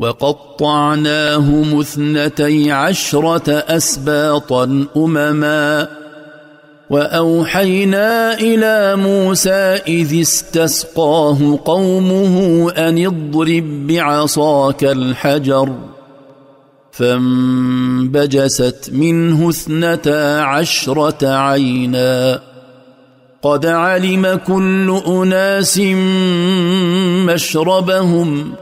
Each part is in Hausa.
وقطعناهم اثنتي عشره اسباطا امما واوحينا الى موسى اذ استسقاه قومه ان اضرب بعصاك الحجر فانبجست منه اثنتا عشره عينا قد علم كل اناس مشربهم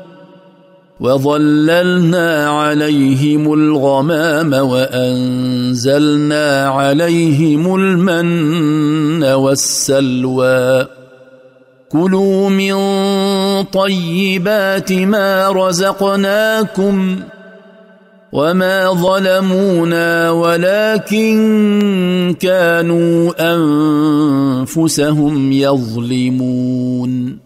وظللنا عليهم الغمام وانزلنا عليهم المن والسلوى كلوا من طيبات ما رزقناكم وما ظلمونا ولكن كانوا انفسهم يظلمون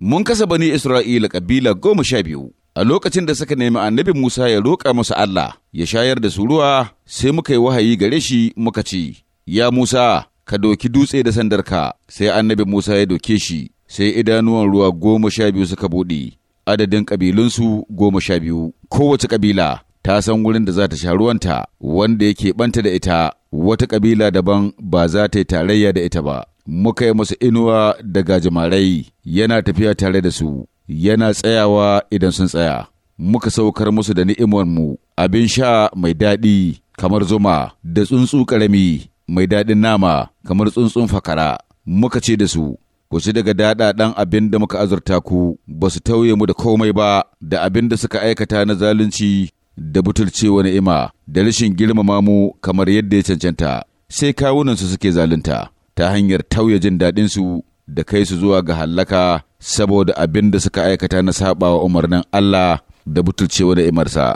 من كسبني بني اسرائيل قبيله قوم شابيو a lokacin da suka nemi annabi Musa ya roƙa musu Allah ya shayar da su ruwa sai muka yi wahayi gare shi muka ce, Ya Musa, ka doki dutse da sandarka, sai annabi Musa ya doke shi, sai idanuwan ruwa goma sha biyu suka buɗe, adadin ƙabilunsu goma sha biyu, kowace ƙabila ta san wurin da za ta sha ruwanta wanda yake ɓanta da ita, wata ƙabila daban ba za ta yi tarayya da ita ba. Muka yi musu inuwa da jamarai yana tafiya tare da su, yana tsayawa idan sun tsaya, muka saukar musu da ni'imarmu abin sha mai daɗi kamar zuma da tsuntsu ƙarami mai daɗin nama kamar tsuntsun fakara, muka ce da su, ku ci daga daɗa ɗan abin da muka azurta ku, ba su tauye mu da komai ba da abin da suka aikata na zalunci da butulcewa ni'ima da rashin girmama mu kamar yadda ya cancanta sai kawunansu suke zalunta ta hanyar tauye jin daɗinsu da kai su zuwa ga hallaka saboda abin da suka aikata na saɓawa umarnin Allah da butulcewa da imarsa.